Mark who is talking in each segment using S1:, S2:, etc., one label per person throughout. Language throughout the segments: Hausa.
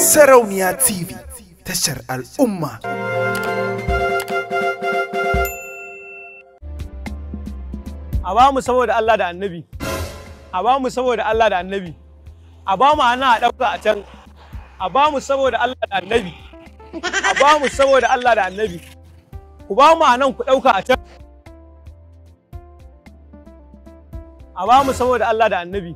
S1: Sarauniya TV tashar al'umma. A ba mu saboda Allah da annabi, a ba mu saboda Allah da annabi, a ba mu hana a ɗauka a can, a ba mu saboda Allah da annabi, a ba mu saboda Allah da annabi, ku ba mu nan ku ɗauka a can. A ba mu saboda Allah da annabi,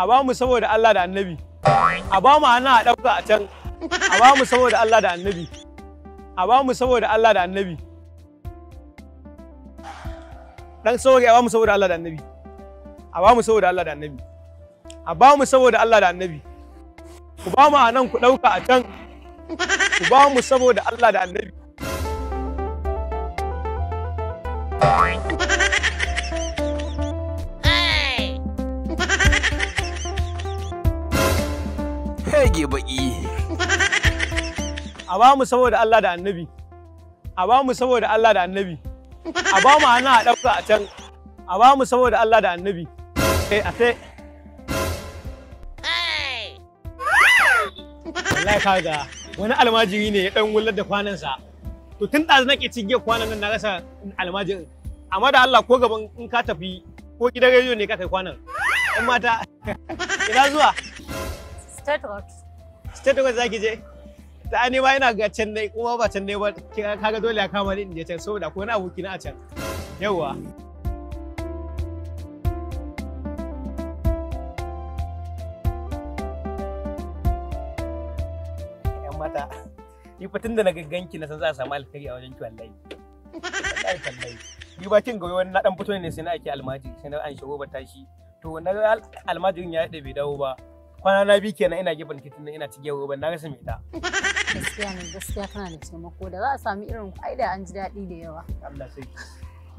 S1: a ba mu saboda Allah da annabi. a ba mu hannu a ɗauka a can a ba mu saboda Allah da annabi a ba mu saboda Allah da annabi dan sauke a ba mu saboda Allah da annabi a ba mu saboda Allah da annabi a ba mu saboda Allah da annabi ku ba mu a nan ku ɗauka a can ku ba mu saboda Allah da annabi rage baki a ba mu saboda Allah da annabi a ba mu saboda Allah da annabi a ba mu hana a ɗauka a can a ba mu saboda Allah da annabi sai a sai wallahi ga wani almajiri ne ya dan wullar da kwanansa to tun ɗazu nake cige kwanan nan na rasa almajirin amma da Allah ko gaban in ka tafi ko gidan rediyo ne ka kai kwanan 'yan mata ina zuwa state road state road zaki je ta ne ma ina ga can dai kuma ba can dai ba kaga dole a kama ni in je can saboda ko na aboki na a can yawwa yan mata ni fa tun da na na san za a samu alkhairi a wajen ni bakin wani na dan fito ne sai na ake almaji sai na an shigo ba tashi to na ya daɗe bai dawo ba kwana na biyu kenan ina gibin kitin ina ci gero ban na rasa mai ta
S2: gaskiya ne gaskiya kana da taimako da za a sami irin ku ai da an ji daɗi da yawa Allah sai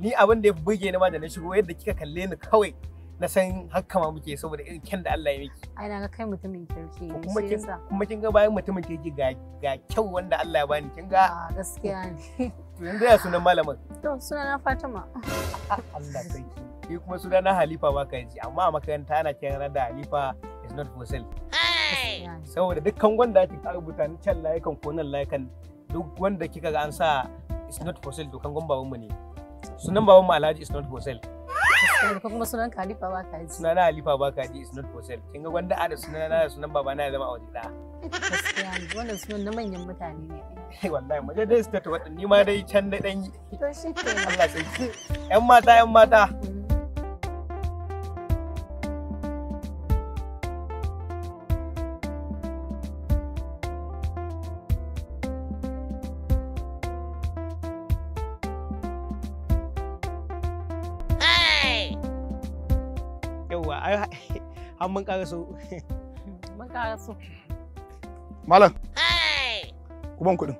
S1: ni abin da ya burge ni ma da na shigo yadda kika kalle ni kawai na san haka ma muke saboda irin kyan da Allah ya miki.
S2: Ai na ga kai mutumin kirki ne kuma kin
S1: kuma kin ga bayan mutumin kirki ga ga kyau wanda Allah ya bani kin ga. Ah, gaskiya ne. To yanzu ya sunan malamin.
S2: To sunan na Fatima. Allah sai
S1: Ni kuma sunan na Halifa ba ka ji amma a makaranta ana kiran da Halifa is not for sale saboda dukkan wanda ake ka rubuta ni can layukan ko nan layukan duk wanda kika ga an sa is not for sale to kan gon babanmu ne sunan babanmu Alhaji is not for sale
S2: ko kuma sunan Khalifa Bakaji
S1: sunan na Khalifa Bakaji is not for sale kin ga wanda ada sunan na sunan baba na zama a waje da
S2: gaskiya wannan sunan na manyan mutane ne
S1: eh, wallahi maje dai state wadda ni ma dai can da dan yi Allah sai yan mata yan mata yawa ai har mun ƙara so
S2: mun ƙara so
S1: malam ku ban kuɗin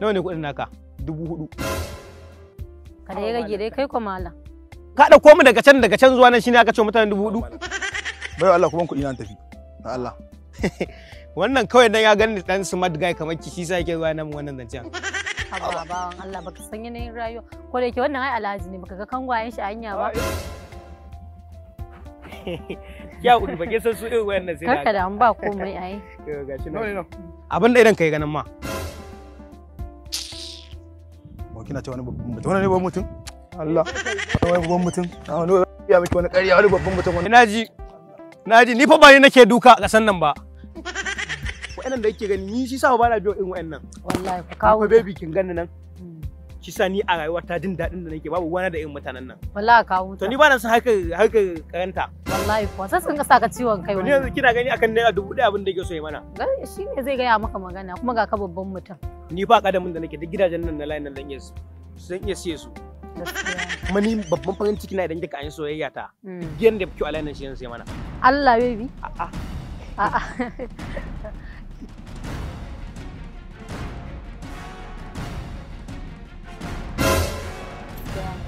S1: nawa ne kuɗin naka dubu hudu
S2: ka da ya rage dai kai ko malam
S1: ka da mu daga can daga can zuwa nan shine aka ce mutane dubu hudu bai Allah ku ban kuɗi nan tafi na Allah wannan kawai dan ya gani dan smart guy kamar ki shi sa yake zuwa nan wannan zancen
S2: haba bawan Allah baka san yanayin rayuwa ko da yake wannan ai alhaji ne baka ga kangwayen shi a hanya ba
S1: ya udu ba san su irin wayannan sai da an ba komai ai gashi nan abin da idan kai ganin ma kina wani babban mutum wani babban mutum Allah wani babban mutum ah, wani ya miki wani ƙarya wani babban mutum wani naji naji ni fa ba ni nake duka a ƙasan nan ba wa'annan da yake gani ni shi sa ba na biyo irin wa'annan wallahi ku kawo baby kin nan shi sa ni a rayuwa ta jin daɗin da nake babu wani da irin mutanen nan
S2: wallahi ka huta to ni ba
S1: na san haka haka karanta
S2: wallahi ko sai sun sa ka ciwon kai wani
S1: kina gani akan naira dubu ɗaya abin da yake so ya mana
S2: shi ne zai gaya maka magana kuma ga ka babban mutum
S1: ni ba kadamin da nake duk gidajen nan na layin nan zan iya zan iya siye su kuma ni babban farin ciki na idan kika an soyayya ta gidan hmm. da kyau a layin nan shi yanzu sai mana
S2: Allah baby a'a a'a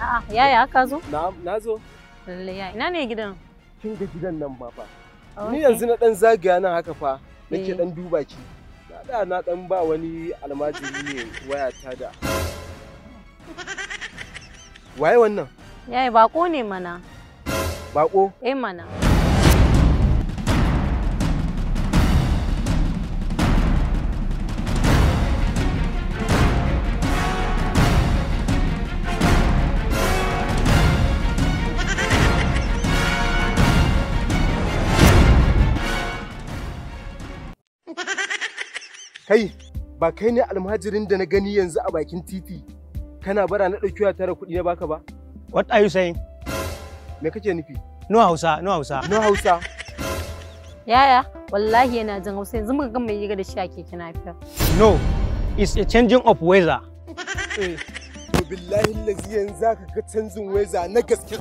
S2: A'a, yaya ka zo? Na, na zo. Lalle ya, ina ne gidan? Kin
S1: ga gidan nan ba fa. Ni yanzu na dan zagaya nan haka fa, nake dan eh. duba ki. Na da na dan ba wani almajiri ne waya ta da. Waye wannan?
S2: Yayi bako ne mana. Bako? Eh mana.
S1: Kai, ba kai ne almajirin da na gani yanzu a bakin titi kana bara na ɗauki tara kuɗi na baka ba? What are you saying? Me kake nufi? No Hausa, no Hausa. No Hausa.
S2: Yaya, wallahi yana jin Hausa yanzu muka gama yiga da shi a keke fiya
S1: No, it's a changing of weather. Eh, to billahi lazi yanzu ka ga canjin weather na gaske.